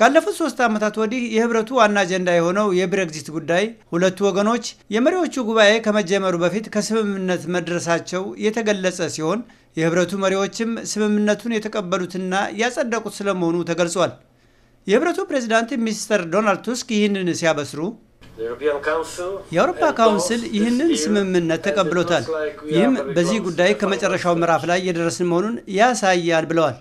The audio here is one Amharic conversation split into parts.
ካለፉት ሶስት ዓመታት ወዲህ የህብረቱ ዋና አጀንዳ የሆነው የብሬግዚት ጉዳይ ሁለቱ ወገኖች የመሪዎቹ ጉባኤ ከመጀመሩ በፊት ከስምምነት መድረሳቸው የተገለጸ ሲሆን የህብረቱ መሪዎችም ስምምነቱን የተቀበሉትና ያጸደቁት ስለመሆኑ ተገልጿል። የህብረቱ ፕሬዚዳንት ሚስተር ዶናልድ ቱስክ ይህንን ሲያበስሩ የአውሮፓ ካውንስል ይህንን ስምምነት ተቀብሎታል፣ ይህም በዚህ ጉዳይ ከመጨረሻው ምዕራፍ ላይ የደረስን መሆኑን ያሳያል ብለዋል።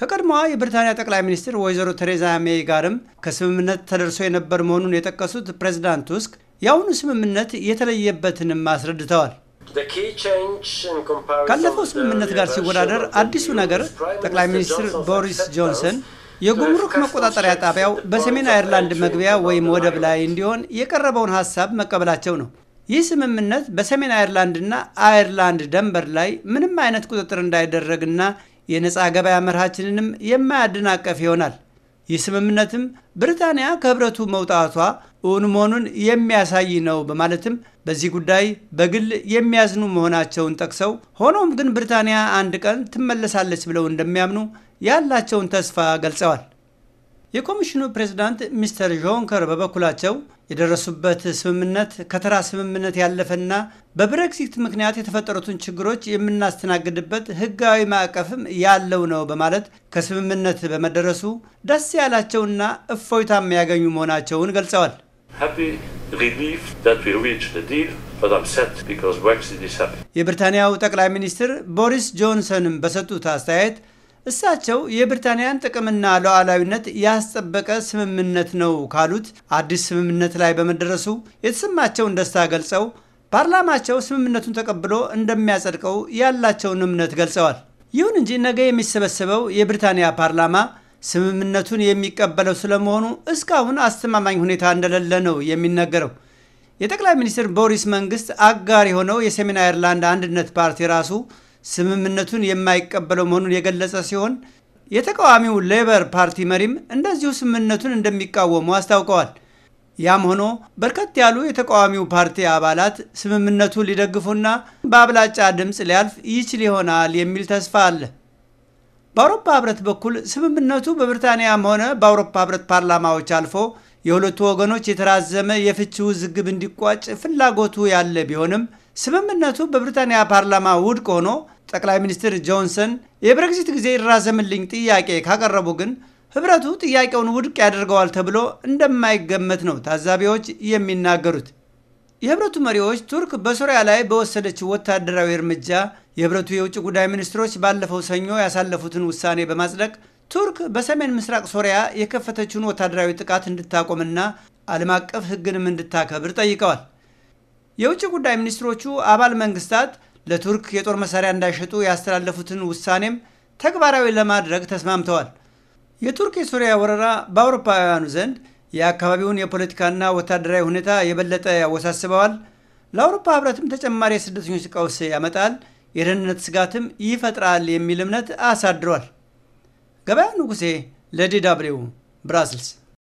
ከቀድሞዋ የብሪታንያ ጠቅላይ ሚኒስትር ወይዘሮ ቴሬዛ ሜይ ጋርም ከስምምነት ተደርሶ የነበር መሆኑን የጠቀሱት ፕሬዚዳንት ቱስክ የአሁኑ ስምምነት የተለየበትንም አስረድተዋል። ካለፈው ስምምነት ጋር ሲወዳደር አዲሱ ነገር ጠቅላይ ሚኒስትር ቦሪስ ጆንሰን የጉምሩክ መቆጣጠሪያ ጣቢያው በሰሜን አይርላንድ መግቢያ ወይም ወደብ ላይ እንዲሆን የቀረበውን ሀሳብ መቀበላቸው ነው። ይህ ስምምነት በሰሜን አየርላንድና አይርላንድ ደንበር ላይ ምንም አይነት ቁጥጥር እንዳይደረግና የነፃ ገበያ መርሃችንንም የማያደናቀፍ ይሆናል። ይህ ስምምነትም ብሪታንያ ከህብረቱ መውጣቷ እውን መሆኑን የሚያሳይ ነው በማለትም በዚህ ጉዳይ በግል የሚያዝኑ መሆናቸውን ጠቅሰው ሆኖም ግን ብሪታንያ አንድ ቀን ትመለሳለች ብለው እንደሚያምኑ ያላቸውን ተስፋ ገልጸዋል። የኮሚሽኑ ፕሬዝዳንት ሚስተር ዦንከር በበኩላቸው የደረሱበት ስምምነት ከተራ ስምምነት ያለፈና በብሬግዚት ምክንያት የተፈጠሩትን ችግሮች የምናስተናግድበት ሕጋዊ ማዕቀፍም ያለው ነው በማለት ከስምምነት በመደረሱ ደስ ያላቸውና እፎይታም ያገኙ መሆናቸውን ገልጸዋል። የብሪታንያው ጠቅላይ ሚኒስትር ቦሪስ ጆንሰንም በሰጡት አስተያየት እሳቸው የብሪታንያን ጥቅምና ሉዓላዊነት ያስጠበቀ ስምምነት ነው ካሉት አዲስ ስምምነት ላይ በመደረሱ የተሰማቸውን ደስታ ገልጸው ፓርላማቸው ስምምነቱን ተቀብሎ እንደሚያጸድቀው ያላቸውን እምነት ገልጸዋል። ይሁን እንጂ ነገ የሚሰበሰበው የብሪታንያ ፓርላማ ስምምነቱን የሚቀበለው ስለመሆኑ እስካሁን አስተማማኝ ሁኔታ እንደሌለ ነው የሚነገረው። የጠቅላይ ሚኒስትር ቦሪስ መንግስት አጋር የሆነው የሰሜን አይርላንድ አንድነት ፓርቲ ራሱ ስምምነቱን የማይቀበለው መሆኑን የገለጸ ሲሆን የተቃዋሚው ሌበር ፓርቲ መሪም እንደዚሁ ስምምነቱን እንደሚቃወሙ አስታውቀዋል። ያም ሆኖ በርከት ያሉ የተቃዋሚው ፓርቲ አባላት ስምምነቱ ሊደግፉና በአብላጫ ድምፅ ሊያልፍ ይችል ይሆናል የሚል ተስፋ አለ። በአውሮፓ ህብረት በኩል ስምምነቱ በብሪታንያም ሆነ በአውሮፓ ህብረት ፓርላማዎች አልፎ የሁለቱ ወገኖች የተራዘመ የፍቺ ውዝግብ እንዲቋጭ ፍላጎቱ ያለ ቢሆንም ስምምነቱ በብሪታንያ ፓርላማ ውድቅ ሆኖ ጠቅላይ ሚኒስትር ጆንሰን የብረግዚት ጊዜ ይራዘምልኝ ጥያቄ ካቀረቡ ግን ህብረቱ ጥያቄውን ውድቅ ያደርገዋል ተብሎ እንደማይገመት ነው ታዛቢዎች የሚናገሩት። የህብረቱ መሪዎች ቱርክ በሶሪያ ላይ በወሰደችው ወታደራዊ እርምጃ የህብረቱ የውጭ ጉዳይ ሚኒስትሮች ባለፈው ሰኞ ያሳለፉትን ውሳኔ በማጽደቅ ቱርክ በሰሜን ምስራቅ ሶሪያ የከፈተችውን ወታደራዊ ጥቃት እንድታቆምና ዓለም አቀፍ ህግንም እንድታከብር ጠይቀዋል። የውጭ ጉዳይ ሚኒስትሮቹ አባል መንግስታት ለቱርክ የጦር መሳሪያ እንዳይሸጡ ያስተላለፉትን ውሳኔም ተግባራዊ ለማድረግ ተስማምተዋል። የቱርክ የሱሪያ ወረራ በአውሮፓውያኑ ዘንድ የአካባቢውን የፖለቲካና ወታደራዊ ሁኔታ የበለጠ ያወሳስበዋል፣ ለአውሮፓ ህብረትም ተጨማሪ የስደተኞች ቀውስ ያመጣል፣ የደህንነት ስጋትም ይፈጥራል የሚል እምነት አሳድሯል። ገበያ ንጉሴ ለዲ ደብልዩ ብራስልስ